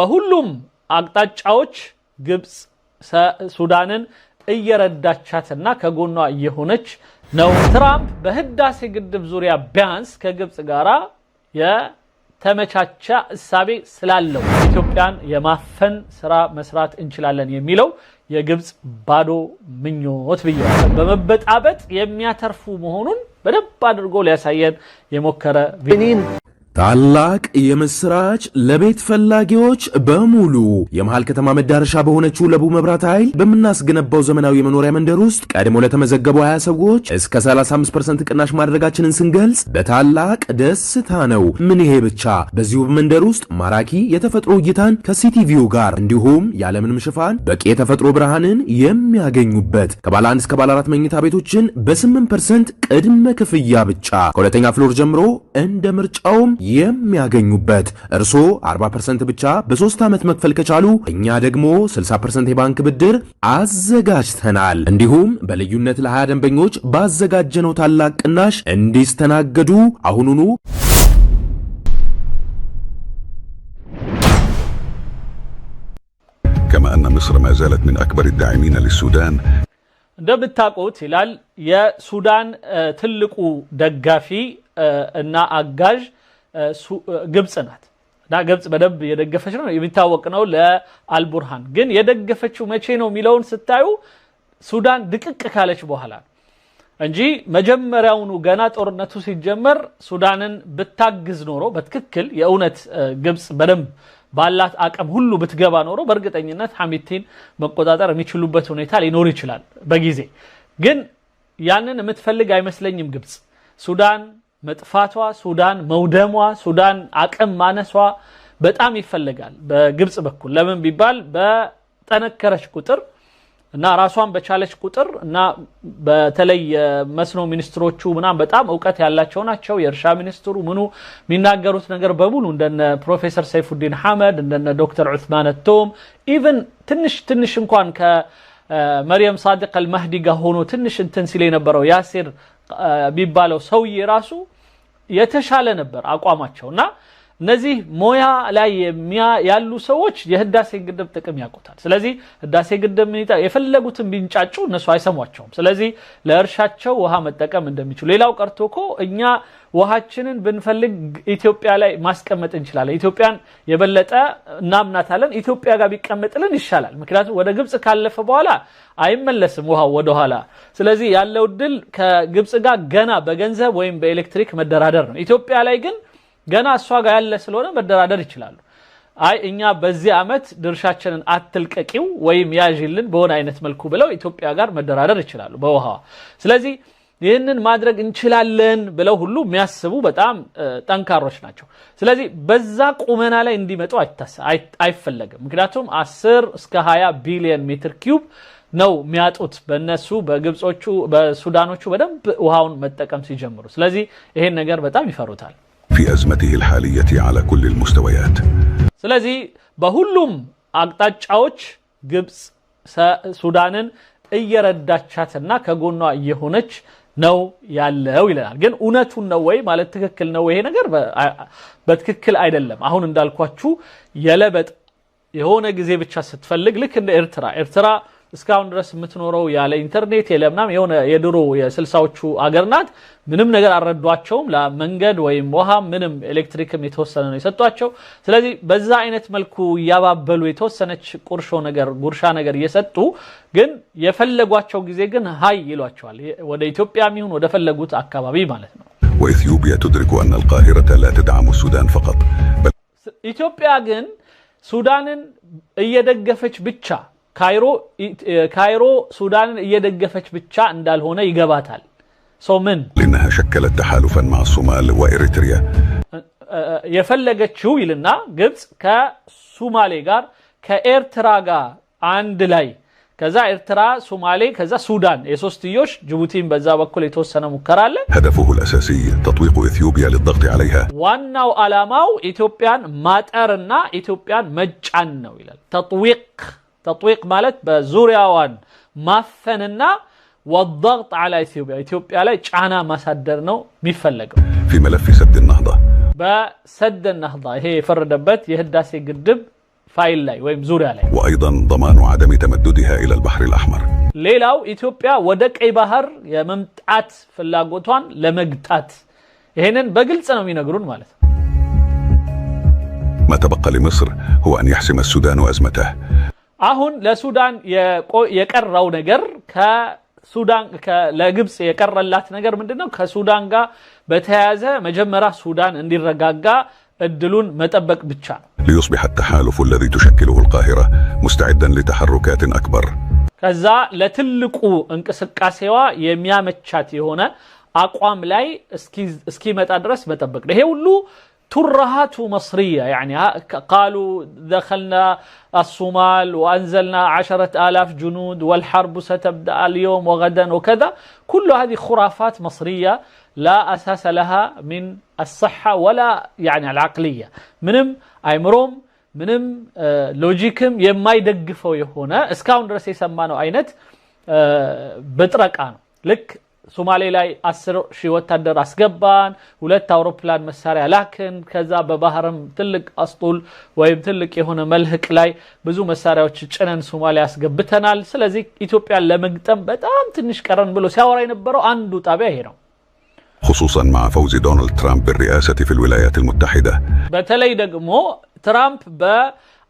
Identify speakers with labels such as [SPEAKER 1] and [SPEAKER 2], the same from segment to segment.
[SPEAKER 1] በሁሉም አቅጣጫዎች ግብፅ ሱዳንን እየረዳቻትና ከጎኗ እየሆነች ነው። ትራምፕ በህዳሴ ግድብ ዙሪያ ቢያንስ ከግብፅ ጋር የተመቻቸ እሳቤ ስላለው ኢትዮጵያን የማፈን ስራ መስራት እንችላለን የሚለው የግብፅ ባዶ ምኞት ብያለሁ። በመበጣበጥ የሚያተርፉ መሆኑን በደንብ አድርጎ ሊያሳየን የሞከረ
[SPEAKER 2] ታላቅ የምስራች ለቤት ፈላጊዎች በሙሉ የመሃል ከተማ መዳረሻ በሆነችው ለቡ መብራት ኃይል በምናስገነባው ዘመናዊ የመኖሪያ መንደር ውስጥ ቀድሞ ለተመዘገቡ 20 ሰዎች እስከ 35% ቅናሽ ማድረጋችንን ስንገልጽ በታላቅ ደስታ ነው። ምን ይሄ ብቻ! በዚሁ መንደር ውስጥ ማራኪ የተፈጥሮ እይታን ከሲቲቪው ጋር እንዲሁም ያለምንም ሽፋን በቂ የተፈጥሮ ብርሃንን የሚያገኙበት ከባለ አንድ እስከ ባለ አራት መኝታ ቤቶችን በ8% ቅድመ ክፍያ ብቻ ከሁለተኛ ፍሎር ጀምሮ እንደ ምርጫውም የሚያገኙበት። እርስዎ 40% ብቻ በሶስት ዓመት መክፈል ከቻሉ እኛ ደግሞ 60% የባንክ ብድር አዘጋጅተናል። እንዲሁም በልዩነት ለሃያ ደንበኞች ባዘጋጀነው ታላቅ ቅናሽ እንዲስተናገዱ አሁኑኑ
[SPEAKER 3] كما أن مصر ما زالت من أكبر الداعمين للسودان
[SPEAKER 1] እንደምታውቁት ይላል የሱዳን ትልቁ ደጋፊ እና አጋዥ ግብጽ ናት እና ግብጽ በደንብ የደገፈች ነው የሚታወቅ ነው ለአልቡርሃን ግን የደገፈችው መቼ ነው የሚለውን ስታዩ ሱዳን ድቅቅ ካለች በኋላ እንጂ መጀመሪያውኑ ገና ጦርነቱ ሲጀመር ሱዳንን ብታግዝ ኖሮ በትክክል የእውነት ግብጽ በደንብ ባላት አቅም ሁሉ ብትገባ ኖሮ በእርግጠኝነት ሐሚቲን መቆጣጠር የሚችሉበት ሁኔታ ሊኖር ይችላል በጊዜ ግን ያንን የምትፈልግ አይመስለኝም ግብጽ ሱዳን መጥፋቷ፣ ሱዳን መውደሟ፣ ሱዳን አቅም ማነሷ በጣም ይፈለጋል በግብፅ በኩል ለምን ቢባል በጠነከረች ቁጥር እና ራሷን በቻለች ቁጥር እና በተለይ የመስኖ ሚኒስትሮቹ ምናምን በጣም እውቀት ያላቸው ናቸው። የእርሻ ሚኒስትሩ ምኑ የሚናገሩት ነገር በሙሉ እንደነ ፕሮፌሰር ሰይፉዲን ሐመድ እንደነ ዶክተር ዑስማን ቶም ኢቨን ትንሽ ትንሽ እንኳን ከመርየም ሳዲቅ አልማህዲ ጋር ሆኖ ትንሽ እንትን ሲል የነበረው ያሴር የሚባለው ሰውዬ ራሱ የተሻለ ነበር አቋማቸው እና እነዚህ ሞያ ላይ ያሉ ሰዎች የህዳሴ ግድብ ጥቅም ያውቁታል። ስለዚህ ህዳሴ ግድብ የፈለጉትን ቢንጫጩ እነሱ አይሰሟቸውም። ስለዚህ ለእርሻቸው ውሃ መጠቀም እንደሚችሉ ሌላው ቀርቶ እኮ እኛ ውሃችንን ብንፈልግ ኢትዮጵያ ላይ ማስቀመጥ እንችላለን። ኢትዮጵያን የበለጠ እናምናታለን። ኢትዮጵያ ጋር ቢቀመጥልን ይሻላል። ምክንያቱም ወደ ግብፅ ካለፈ በኋላ አይመለስም ውሃው ወደኋላ። ስለዚህ ያለው ድል ከግብፅ ጋር ገና በገንዘብ ወይም በኤሌክትሪክ መደራደር ነው። ኢትዮጵያ ላይ ግን ገና እሷ ጋር ያለ ስለሆነ መደራደር ይችላሉ። አይ እኛ በዚህ ዓመት ድርሻችንን አትልቀቂው ወይም ያዥልን በሆነ አይነት መልኩ ብለው ኢትዮጵያ ጋር መደራደር ይችላሉ በውሃዋ። ስለዚህ ይህንን ማድረግ እንችላለን ብለው ሁሉ የሚያስቡ በጣም ጠንካሮች ናቸው። ስለዚህ በዛ ቁመና ላይ እንዲመጡ አይፈለግም። ምክንያቱም 10 እስከ 20 ቢሊዮን ሜትር ኪዩብ ነው የሚያጡት በእነሱ በግብጾቹ በሱዳኖቹ በደንብ ውሃውን መጠቀም ሲጀምሩ። ስለዚህ ይሄን ነገር በጣም ይፈሩታል።
[SPEAKER 3] في أزمته الحالية على كل المستويات
[SPEAKER 1] سلازي بهلوم أقتاج اوتش جبس سودان أي رد شاتنا كقولنا يهونج نو يالله ولا جن أنا تنوي ما لتككل نوي هنا قرب بتككل أيد اللهم أهون ندال كوتشو يلا بت يهونج زي إرترا إرترا እስካሁን ድረስ የምትኖረው ያለ ኢንተርኔት የለ ምናምን የሆነ የድሮ የስልሳዎቹ አገር ናት። ምንም ነገር አልረዷቸውም። ለመንገድ ወይም ውሃ ምንም ኤሌክትሪክም የተወሰነ ነው የሰጧቸው። ስለዚህ በዛ አይነት መልኩ እያባበሉ የተወሰነች ቁርሾ ነገር ጉርሻ ነገር እየሰጡ ግን የፈለጓቸው ጊዜ ግን ሀይ ይሏቸዋል። ወደ ኢትዮጵያ ይሁን ወደ ፈለጉት አካባቢ ማለት ነው።
[SPEAKER 3] ወኢትዮጵያ ትድሪኩ አን አልቃሂረተ ላ ተድዓሙ ሱዳን ፈቀጥ
[SPEAKER 1] ኢትዮጵያ ግን ሱዳንን እየደገፈች ብቻ ካይሮ ካይሮ ሱዳንን እየደገፈች ብቻ እንዳልሆነ ይገባታል። ሰው ምን
[SPEAKER 3] لانها شكلت ተሓሉፈን ማ ሶማል واريتريا
[SPEAKER 1] የፈለገችው ይልና ግብፅ ከሱማሌ ጋር ከኤርትራ ጋር አንድ ላይ ከዛ ኤርትራ ሱማሌ ከዛ ሱዳን የሶስትዮሽ ጅቡቲን በዛ በኩል የተወሰነ ሙከራ አለ።
[SPEAKER 3] هدفه الاساسي تطويق اثيوبيا للضغط
[SPEAKER 1] ዋናው ዓላማው ኢትዮጵያን ማጠርና ኢትዮጵያን መጫን ነው ይላል ተጥዊቅ تطويق مالت بزوريا وان ما والضغط على اثيوبيا اثيوبيا لا انا ما صدرنا ميفلق
[SPEAKER 3] في ملف سد النهضه
[SPEAKER 1] بسد النهضه هي فردبت يهداسي قدب فايل لاي ويم زوريا لاي
[SPEAKER 3] وايضا ضمان عدم تمددها الى البحر الاحمر
[SPEAKER 1] ليلاو اثيوبيا ودك اي بحر يا ممتات فلاغوتوان لمقتات هنا بقل سنه مين مالت
[SPEAKER 3] ما تبقى لمصر هو ان يحسم السودان ازمته
[SPEAKER 1] አሁን ለሱዳን የቀረው ነገር ከሱዳን ለግብፅ የቀረላት ነገር ምንድነው? ከሱዳን ጋር በተያያዘ መጀመሪያ ሱዳን እንዲረጋጋ እድሉን መጠበቅ ብቻ ነው።
[SPEAKER 3] ሊዩስቢሕ ተሓልፉ አለዚ ትሸክልሁ አልቃሂራ ሙስተዕደን ሊተሐሩካትን አክበር
[SPEAKER 1] ከዛ ለትልቁ እንቅስቃሴዋ የሚያመቻት የሆነ አቋም ላይ እስኪመጣ ድረስ መጠበቅ ነው። ይሄ ሁሉ ترهات مصرية يعني قالوا دخلنا الصومال وأنزلنا عشرة آلاف جنود والحرب ستبدأ اليوم وغدا وكذا كل هذه خرافات مصرية لا أساس لها من الصحة ولا يعني العقلية منم أيمروم آه، لوجيكم ሎጂክም የማይደግፈው هنا እስካሁን ድረስ የሰማነው أينت آه، بترك ነው لك ሶማሌ ላይ አስር ሺህ ወታደር አስገባን፣ ሁለት አውሮፕላን መሳሪያ ላክን። ከዛ በባህርም ትልቅ አስጡል ወይም ትልቅ የሆነ መልህቅ ላይ ብዙ መሳሪያዎች ጭነን ሶማሌ አስገብተናል። ስለዚህ ኢትዮጵያን ለመግጠም በጣም ትንሽ ቀረን ብሎ ሲያወራ የነበረው አንዱ ጣቢያ ይሄ ነው።
[SPEAKER 3] خصوصا مع فوز دونالد ترامب بالرئاسة في الولايات المتحدة
[SPEAKER 1] በተለይ ደግሞ ትራምፕ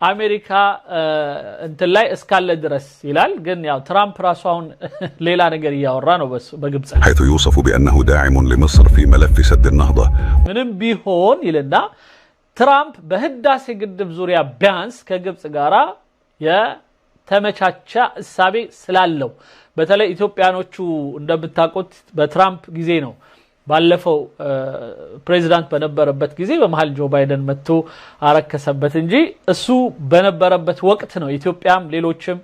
[SPEAKER 1] አሜሪካ እንትን ላይ እስካለ ድረስ ይላል። ግን ያው ትራምፕ ራሱ አሁን ሌላ ነገር እያወራ ነው በግብፅ
[SPEAKER 3] ሐይቱ ዩሰፉ ቢአነሁ ዳዒሙን ሊምስር ፊ መለፍ ሰድ ናህዳ
[SPEAKER 1] ምንም ቢሆን ይልና ትራምፕ በህዳሴ ግድብ ዙሪያ ቢያንስ ከግብፅ ጋራ የተመቻቻ እሳቤ ስላለው በተለይ ኢትዮጵያኖቹ እንደምታውቁት በትራምፕ ጊዜ ነው ባለፈው ፕሬዚዳንት በነበረበት ጊዜ በመሀል ጆ ባይደን መጥቶ አረከሰበት እንጂ እሱ በነበረበት ወቅት ነው ኢትዮጵያም ሌሎችም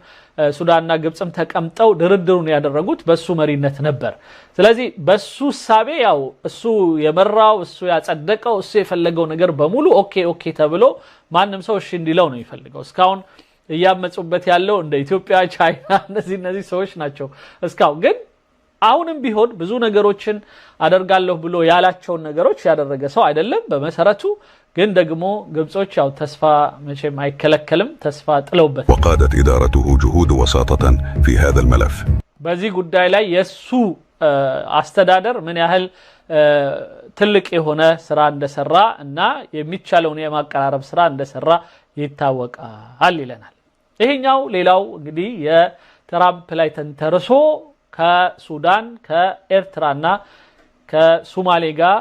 [SPEAKER 1] ሱዳንና ግብፅም ተቀምጠው ድርድሩን ያደረጉት በሱ መሪነት ነበር። ስለዚህ በሱ እሳቤ ያው እሱ የመራው እሱ ያጸደቀው እሱ የፈለገው ነገር በሙሉ ኦኬ ኦኬ ተብሎ ማንም ሰው እሺ እንዲለው ነው የሚፈልገው እስካሁን እያመፁበት ያለው እንደ ኢትዮጵያ፣ ቻይና እነዚህ እነዚህ ሰዎች ናቸው። እስካሁን ግን አሁንም ቢሆን ብዙ ነገሮችን አደርጋለሁ ብሎ ያላቸውን ነገሮች ያደረገ ሰው አይደለም። በመሰረቱ ግን ደግሞ ግብጾች ያው ተስፋ መቼም አይከለከልም፣ ተስፋ ጥለውበት
[SPEAKER 3] ወቃደት ኢዳረቱሁ ጁሁድ ወሳጠተን ፊ ሀዛ ልመለፍ
[SPEAKER 1] በዚህ ጉዳይ ላይ የእሱ አስተዳደር ምን ያህል ትልቅ የሆነ ስራ እንደሰራ እና የሚቻለውን የማቀራረብ ስራ እንደሰራ ይታወቃል ይለናል። ይሄኛው ሌላው እንግዲህ የትራምፕ ላይ ተንተርሶ ከሱዳን ከኤርትራና ከሱማሌ ጋር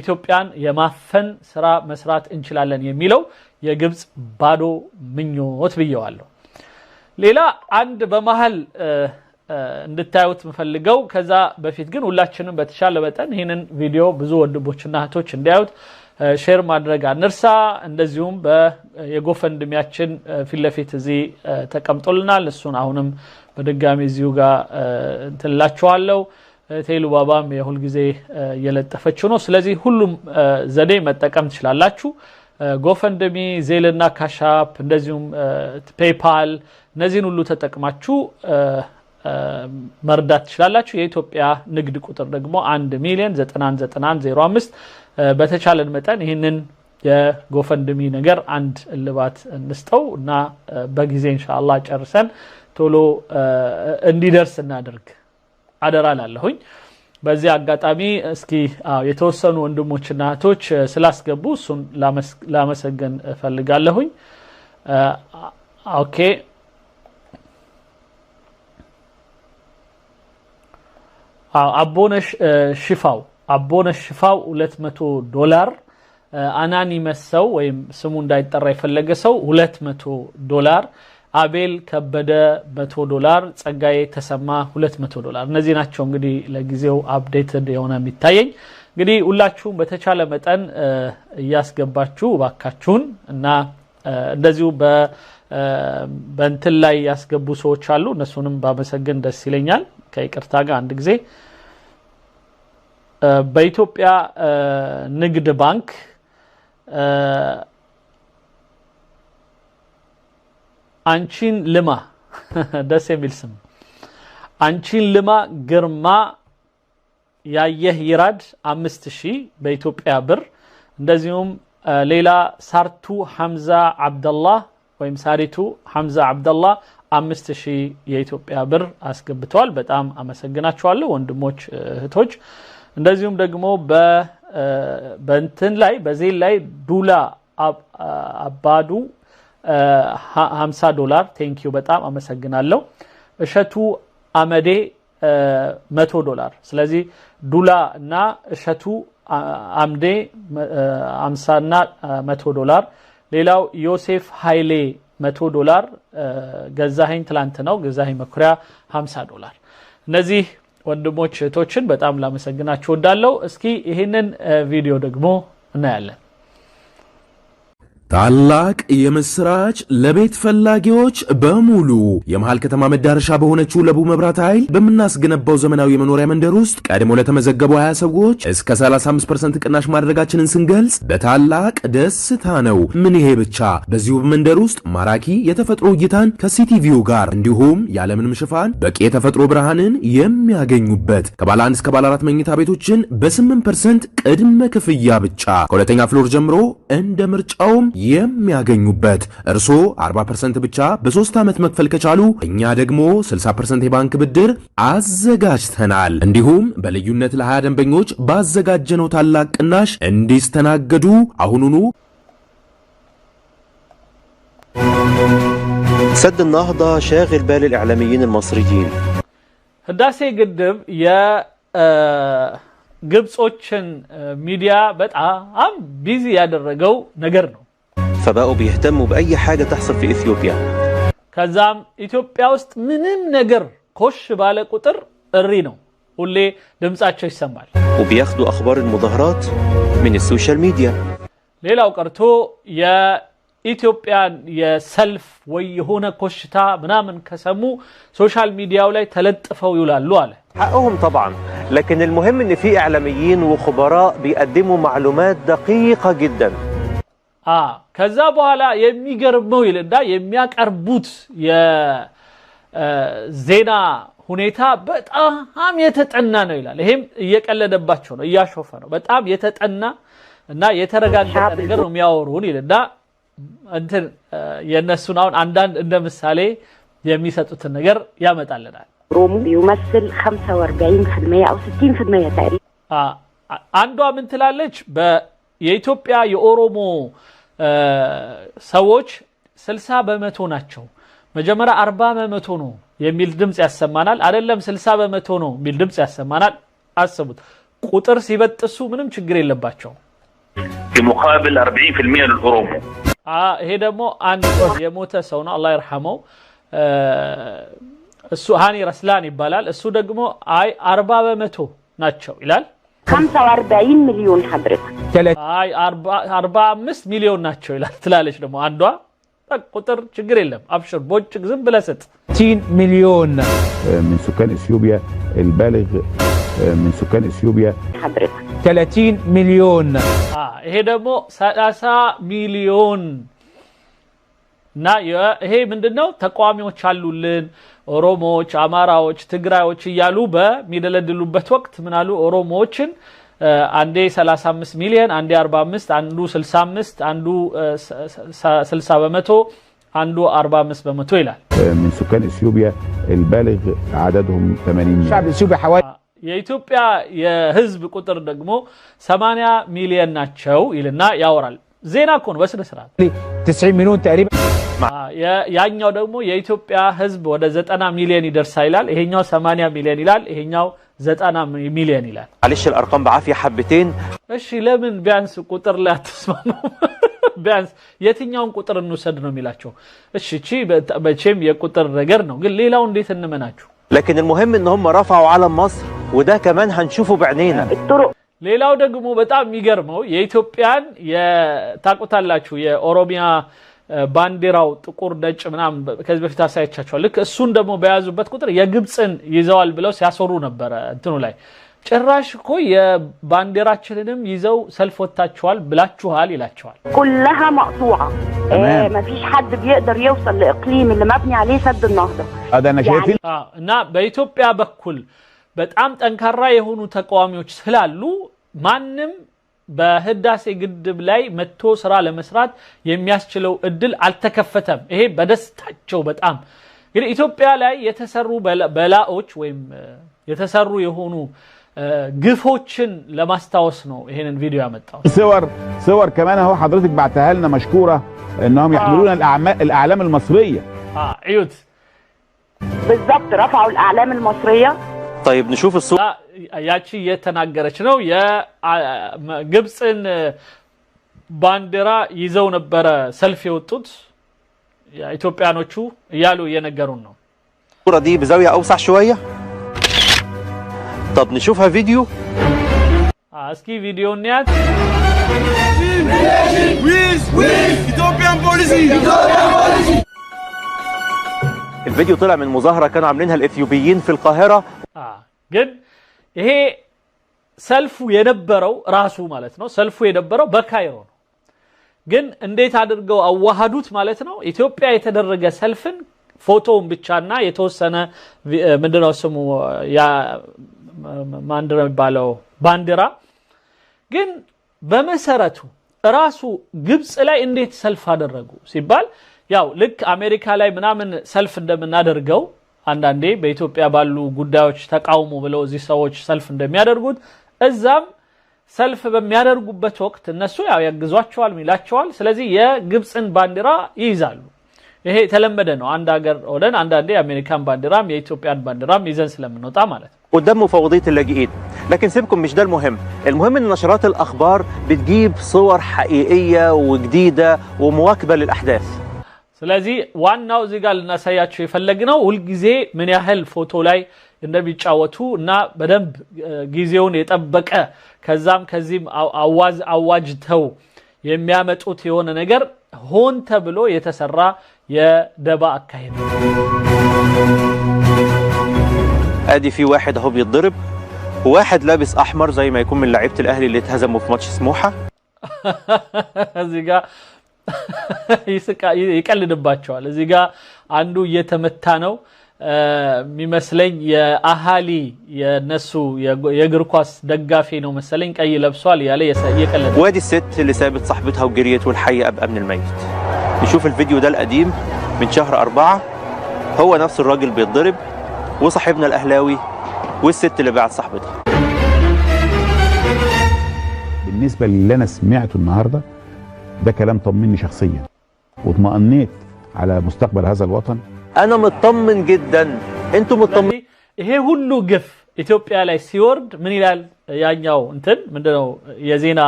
[SPEAKER 1] ኢትዮጵያን የማፈን ስራ መስራት እንችላለን የሚለው የግብፅ ባዶ ምኞት ብየዋለሁ። ሌላ አንድ በመሀል እንድታዩት ምፈልገው ከዛ በፊት ግን ሁላችንም በተሻለ መጠን ይህንን ቪዲዮ ብዙ ወንድሞችና እህቶች እንዲያዩት ሼር ማድረግ አንርሳ። እንደዚሁም የጎፈንድሚያችን ፊት ለፊት እዚህ ተቀምጦልናል። እሱን አሁንም በድጋሚ እዚሁ ጋር እንትላችኋለሁ። ቴሉባባም የሁልጊዜ እየለጠፈችው ነው። ስለዚህ ሁሉም ዘዴ መጠቀም ትችላላችሁ። ጎፈንድሚ፣ ዜልና ካሻፕ እንደዚሁም ፔይፓል እነዚህን ሁሉ ተጠቅማችሁ መርዳት ትችላላችሁ። የኢትዮጵያ ንግድ ቁጥር ደግሞ 1 ሚሊዮን 9905 በተቻለን መጠን ይህንን የጎፈንድሚ ነገር አንድ እልባት እንስጠው እና በጊዜ ኢንሻአላህ ጨርሰን ቶሎ እንዲደርስ እናደርግ አደራ ላለሁኝ። በዚህ አጋጣሚ እስኪ የተወሰኑ ወንድሞች ና እህቶች ስላስገቡ እሱን ላመሰገን እፈልጋለሁኝ። ኦኬ አቦነሽ ሽፋው አቦነሽ ሽፋው 200 ዶላር አናኒመስ ሰው ወይም ስሙ እንዳይጠራ የፈለገ ሰው 200 ዶላር አቤል ከበደ መቶ ዶላር፣ ጸጋዬ ተሰማ ሁለት መቶ ዶላር። እነዚህ ናቸው እንግዲህ ለጊዜው አፕዴትድ የሆነ የሚታየኝ። እንግዲህ ሁላችሁም በተቻለ መጠን እያስገባችሁ እባካችሁን እና እንደዚሁ በእንትን ላይ ያስገቡ ሰዎች አሉ። እነሱንም ባመሰግን ደስ ይለኛል። ከይቅርታ ጋር አንድ ጊዜ በኢትዮጵያ ንግድ ባንክ አንቺን ልማ ደስ የሚል ስም አንቺን ልማ ግርማ ያየህ ይራድ አምስት ሺህ በኢትዮጵያ ብር እንደዚሁም ሌላ ሳርቱ ሐምዛ አብደላህ ወይም ሳሪቱ ሐምዛ አብደላህ አምስት ሺህ የኢትዮጵያ ብር አስገብተዋል። በጣም አመሰግናችኋለሁ ወንድሞች እህቶች። እንደዚሁም ደግሞ በእንትን ላይ በዜል ላይ ዱላ አባዱ 50 ዶላር ቴንኪዩ በጣም አመሰግናለሁ። እሸቱ አመዴ 100 ዶላር። ስለዚህ ዱላ እና እሸቱ አምዴ 50 እና 100 ዶላር። ሌላው ዮሴፍ ሃይሌ 100 ዶላር። ገዛኸኝ ትላንት ነው ገዛኸኝ መኩሪያ 50 ዶላር። እነዚህ ወንድሞች እህቶችን በጣም ላመሰግናችሁ ወዳለው እስኪ ይህንን ቪዲዮ ደግሞ እናያለን።
[SPEAKER 2] ታላቅ የምስራች ለቤት ፈላጊዎች በሙሉ የመሃል ከተማ መዳረሻ በሆነችው ለቡ መብራት ኃይል በምናስገነባው ዘመናዊ የመኖሪያ መንደር ውስጥ ቀድሞ ለተመዘገቡ 20 ሰዎች እስከ 35% ቅናሽ ማድረጋችንን ስንገልጽ በታላቅ ደስታ ነው። ምን ይሄ ብቻ! በዚሁ መንደር ውስጥ ማራኪ የተፈጥሮ እይታን ከሲቲቪው ጋር እንዲሁም ያለምንም ሽፋን በቂ የተፈጥሮ ብርሃንን የሚያገኙበት ከባለ አንድ እስከ ባለ አራት መኝታ ቤቶችን በ8% ቅድመ ክፍያ ብቻ ከሁለተኛ ፍሎር ጀምሮ እንደ ምርጫውም የሚያገኙበት እርሶ 40% ብቻ በሶስት ዓመት መክፈል ከቻሉ እኛ ደግሞ 60% የባንክ ብድር አዘጋጅተናል። እንዲሁም በልዩነት ለሀያ ደንበኞች ባዘጋጀነው ታላቅ ቅናሽ እንዲስተናገዱ አሁኑኑ
[SPEAKER 3] ሰድ ናህዳ ሻግል ባል ልዕለሚይን ልመصሪይን
[SPEAKER 1] ህዳሴ ግድብ የግብጾችን ሚዲያ በጣም ቢዚ ያደረገው ነገር ነው።
[SPEAKER 3] فبقوا بيهتموا بأي حاجة تحصل في إثيوبيا
[SPEAKER 1] كزام إثيوبيا ውስጥ منم نجر خش ባለ ቁጥር እሪ ነው ሁሌ ድምጻቸው ይሰማል
[SPEAKER 3] وبياخدوا أخبار المظاهرات من السوشيال ميديا
[SPEAKER 1] ሌላው يا የኢትዮጵያን የሰልፍ ወይ የሆነ ኮሽታ ምናምን كسمو سوشيال ميديا ولا ተለጥፈው ይውላሉ አለ
[SPEAKER 3] حقهم طبعا لكن المهم ان في اعلاميين وخبراء بيقدموا معلومات دقيقه جدا
[SPEAKER 1] ከዛ በኋላ የሚገርመው ይልና የሚያቀርቡት የዜና ሁኔታ በጣም የተጠና ነው ይላል። ይሄም እየቀለደባቸው ነው፣ እያሾፈ ነው። በጣም የተጠና እና የተረጋገጠ ነገር ነው የሚያወሩን ይልና እንትን የእነሱን አሁን አንዳንድ እንደ ምሳሌ የሚሰጡትን ነገር ያመጣልናል። አንዷ ምን ትላለች? የኢትዮጵያ የኦሮሞ ሰዎች 60 በመቶ ናቸው። መጀመሪያ 40 በመቶ ነው የሚል ድምፅ ያሰማናል። አይደለም 60 በመቶ ነው የሚል ድምፅ ያሰማናል። አስቡት፣ ቁጥር ሲበጥሱ ምንም ችግር የለባቸው።
[SPEAKER 3] ሙቃብል 40% ኦሮሞ
[SPEAKER 1] ይሄ ደግሞ አንድ የሞተ ሰው ነው፣ አላህ ይርሐመው። እሱ ሃኒ ረስላን ይባላል። እሱ ደግሞ አይ 40 በመቶ ናቸው ይላል
[SPEAKER 4] 45 مليون حضرتك
[SPEAKER 1] ثلاثة هاي أربعة أربعة مس مليون ناتشو تلالش لما عندوا طيب، قطر شجر لهم أبشر بوتش زب بلا ست 60 مليون آه،
[SPEAKER 3] من سكان إثيوبيا البالغ آه، من سكان إثيوبيا حضرتك
[SPEAKER 1] 30 مليون اه هي إيه دمو 30 مليون እና ይሄ ምንድን ነው ተቃዋሚዎች አሉልን ኦሮሞዎች፣ አማራዎች፣ ትግራዮች እያሉ በሚደለድሉበት ወቅት ምናሉ ኦሮሞዎችን አንዴ 35 ሚሊዮን፣ አንዴ 45፣ አንዱ 65፣ አንዱ 60 በመቶ፣ አንዱ 45 በመቶ ይላል።
[SPEAKER 3] من سكان اثيوبيا البالغ عددهم 80
[SPEAKER 1] شعب اثيوبيا حوالي የኢትዮጵያ የህዝብ ቁጥር ደግሞ 80 ሚሊዮን ናቸው ይልና ያወራል። ዜና እኮ ነው በስነ ስርዓት
[SPEAKER 2] 90 ሚሊዮን ተሪባ
[SPEAKER 1] ያኛው ደግሞ የኢትዮጵያ ህዝብ ወደ ዘጠና ሚሊዮን ይደርሳ ይላል። ይሄኛው ሰማንያ ሚሊዮን ይላል። ይሄኛው ዘጠና ሚሊዮን ይላል።
[SPEAKER 3] አልአርቃም በዓፊያ ሐብቴን።
[SPEAKER 1] እሺ ለምን ቢያንስ ቁጥር ላይ አትስማሙ? ቢያንስ የትኛውን ቁጥር እንውሰድ ነው የሚላቸው? እሺ እቺ መቼም የቁጥር ነገር ነው፣ ግን ሌላው እንዴት እንመናችሁ?
[SPEAKER 3] ላኪን አልሙሂም እነሁም ረፈዑ ዓለም መصር ወደ ከማን ሐንሹፉ በዕኔና
[SPEAKER 1] ሌላው ደግሞ በጣም የሚገርመው የኢትዮጵያን ታውቁታላችሁ የኦሮሚያ ባንዲራው ጥቁር ነጭ ምናምን ከዚህ በፊት አሳይቻቸዋል። ልክ እሱን ደግሞ በያዙበት ቁጥር የግብፅን ይዘዋል ብለው ሲያሰሩ ነበረ እንትኑ ላይ ጭራሽ እኮ የባንዲራችንንም ይዘው ሰልፍ ወጥታችኋል ብላችኋል ይላቸዋል።
[SPEAKER 4] ኩለሃ መቅጡዓ መፊሽ ሐድ ብየቅደር የውሰል ለእቅሊም ለማብኒ አሌ ሰድ
[SPEAKER 3] ናህደ
[SPEAKER 1] እና በኢትዮጵያ በኩል በጣም ጠንካራ የሆኑ ተቃዋሚዎች ስላሉ ማንም በህዳሴ ግድብ ላይ መጥቶ ስራ ለመስራት የሚያስችለው እድል አልተከፈተም። ይሄ በደስታቸው በጣም እንግዲህ ኢትዮጵያ ላይ የተሰሩ በላዎች ወይም የተሰሩ የሆኑ ግፎችን ለማስታወስ ነው ይሄንን ቪዲዮ ያመጣው።
[SPEAKER 3] ስወር ስወር ከማን አሁን حضرتك بعتها لنا مشكوره انهم يحملون الاعلام المصريه
[SPEAKER 1] አዩት
[SPEAKER 4] بالظبط رفعوا الاعلام المصريه
[SPEAKER 3] طيب نشوف الصورة
[SPEAKER 1] ያቺ እየተናገረች ነው የግብፅን ባንዲራ ይዘው ነበረ ሰልፍ የወጡት ኢትዮጵያኖቹ يالو ينقرون نو
[SPEAKER 3] الصورة دي بزاوية أوسع شوية طب نشوفها فيديو
[SPEAKER 1] آه، اسكي فيديو نيات
[SPEAKER 3] الفيديو طلع من مظاهرة كانوا عاملينها الإثيوبيين في القاهرة
[SPEAKER 1] ግን ይሄ ሰልፉ የነበረው ራሱ ማለት ነው ሰልፉ የነበረው በካይሮ ነው። ግን እንዴት አድርገው አዋሃዱት ማለት ነው። ኢትዮጵያ የተደረገ ሰልፍን ፎቶውን ብቻና የተወሰነ ምንድነው ስሙ ማንድነው የሚባለው ባንዲራ ግን በመሰረቱ ራሱ ግብፅ ላይ እንዴት ሰልፍ አደረጉ ሲባል ያው ልክ አሜሪካ ላይ ምናምን ሰልፍ እንደምናደርገው አንዳንዴ በኢትዮጵያ ባሉ ጉዳዮች ተቃውሞ ብለው እዚህ ሰዎች ሰልፍ እንደሚያደርጉት እዛም ሰልፍ በሚያደርጉበት ወቅት እነሱ ያው ያግዟቸዋል፣ ይላቸዋል። ስለዚህ የግብፅን ባንዲራ ይይዛሉ። ይሄ የተለመደ ነው። አንድ ሀገር ሆነን አንዳንዴ የአሜሪካን ባንዲራም የኢትዮጵያን ባንዲራም ይዘን ስለምንወጣ ማለት ነው።
[SPEAKER 3] قدام مفوضية اللاجئين لكن سيبكم مش ده المهم المهم ان نشرات الاخبار بتجيب صور حقيقية وجديدة ومواكبة للاحداث
[SPEAKER 1] ስለዚህ ዋናው እዚህ ጋር ልናሳያቸው የፈለግነው ሁልጊዜ ምን ያህል ፎቶ ላይ እንደሚጫወቱ እና በደንብ ጊዜውን የጠበቀ ከዛም ከዚህም አዋጅ አዋጅተው የሚያመጡት የሆነ ነገር ሆን ተብሎ የተሰራ የደባ አካሄድ ነው።
[SPEAKER 3] ادي في واحد اهو بيتضرب وواحد لابس احمر زي ما يكون من لعيبه الاهلي اللي اتهزموا في ماتش سموحه
[SPEAKER 1] እዚህ ጋር ይቀልድባቸዋል። እዚህ ጋር አንዱ እየተመታ ነው የሚመስለኝ የአሃሊ የነሱ የእግር ኳስ ደጋፊ ነው መሰለኝ፣ ቀይ ለብሷል ያለ የቀለደ
[SPEAKER 3] وادي الست اللي سابت صاحبتها وجريت والحقيقه بامن الميت نشوف الفيديو ده القديم من شهر أربعة هو نفس الراجل بيتضرب وصاحبنا الأهلاوي والست اللي باعت صاحبتها بالنسبة للي أنا سمعته النهاردة ده كلام طمني شخصيا واطمأنيت على مستقبل هذا الوطن
[SPEAKER 5] انا مطمن جدا انتوا مطمنين
[SPEAKER 1] ايه هلو جف اثيوبيا لا سيورد من يلال ياኛው እንትን ምንድነው የዜና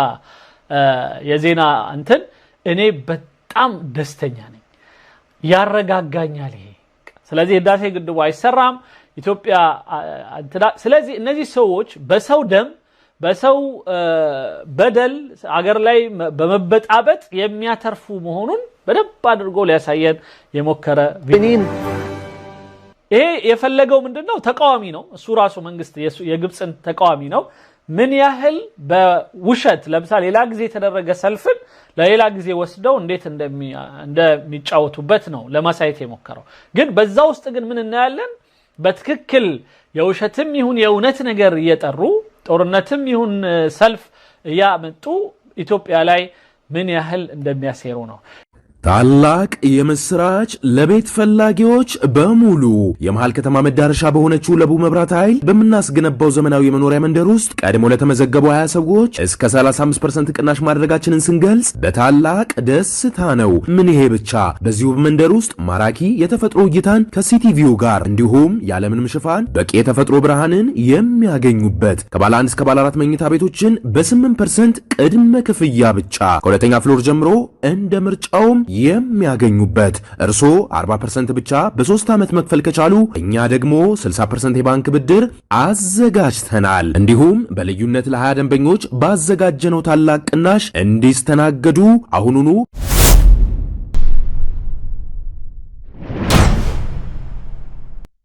[SPEAKER 1] የዜና እንትን እኔ በጣም ደስተኛ ነኝ ያረጋጋኛል ይሄ ስለዚህ ህዳሴ ግድቡ አይሰራም ኢትዮጵያ ስለዚህ እነዚህ ሰዎች በሰው ደም በሰው በደል አገር ላይ በመበጣበጥ የሚያተርፉ መሆኑን በደንብ አድርጎ ሊያሳየን የሞከረ ይሄ የፈለገው ምንድን ነው? ተቃዋሚ ነው። እሱ ራሱ መንግስት የግብፅን ተቃዋሚ ነው። ምን ያህል በውሸት ለምሳሌ ሌላ ጊዜ የተደረገ ሰልፍን ለሌላ ጊዜ ወስደው እንዴት እንደሚጫወቱበት ነው ለማሳየት የሞከረው። ግን በዛ ውስጥ ግን ምን እናያለን? በትክክል የውሸትም ይሁን የእውነት ነገር እየጠሩ ጦርነትም ይሁን ሰልፍ እያመጡ ኢትዮጵያ ላይ ምን ያህል እንደሚያሴሩ ነው።
[SPEAKER 2] ታላቅ የምስራች ለቤት ፈላጊዎች በሙሉ የመሃል ከተማ መዳረሻ በሆነችው ለቡ መብራት ኃይል በምናስገነባው ዘመናዊ የመኖሪያ መንደር ውስጥ ቀድሞ ለተመዘገቡ 20 ሰዎች እስከ 35% ቅናሽ ማድረጋችንን ስንገልጽ በታላቅ ደስታ ነው። ምን ይሄ ብቻ! በዚሁ መንደር ውስጥ ማራኪ የተፈጥሮ እይታን ከሲቲቪው ጋር እንዲሁም ያለምንም ሽፋን በቂ የተፈጥሮ ብርሃንን የሚያገኙበት ከባለ አንድ እስከ ባለ አራት መኝታ ቤቶችን በ8% ቅድመ ክፍያ ብቻ ከሁለተኛ ፍሎር ጀምሮ እንደ ምርጫውም የሚያገኙበት። እርስዎ 40% ብቻ በሶስት ዓመት መክፈል ከቻሉ እኛ ደግሞ 60% የባንክ ብድር አዘጋጅተናል። እንዲሁም በልዩነት ለ20 ደንበኞች ባዘጋጀነው ታላቅ ቅናሽ እንዲስተናገዱ አሁኑኑ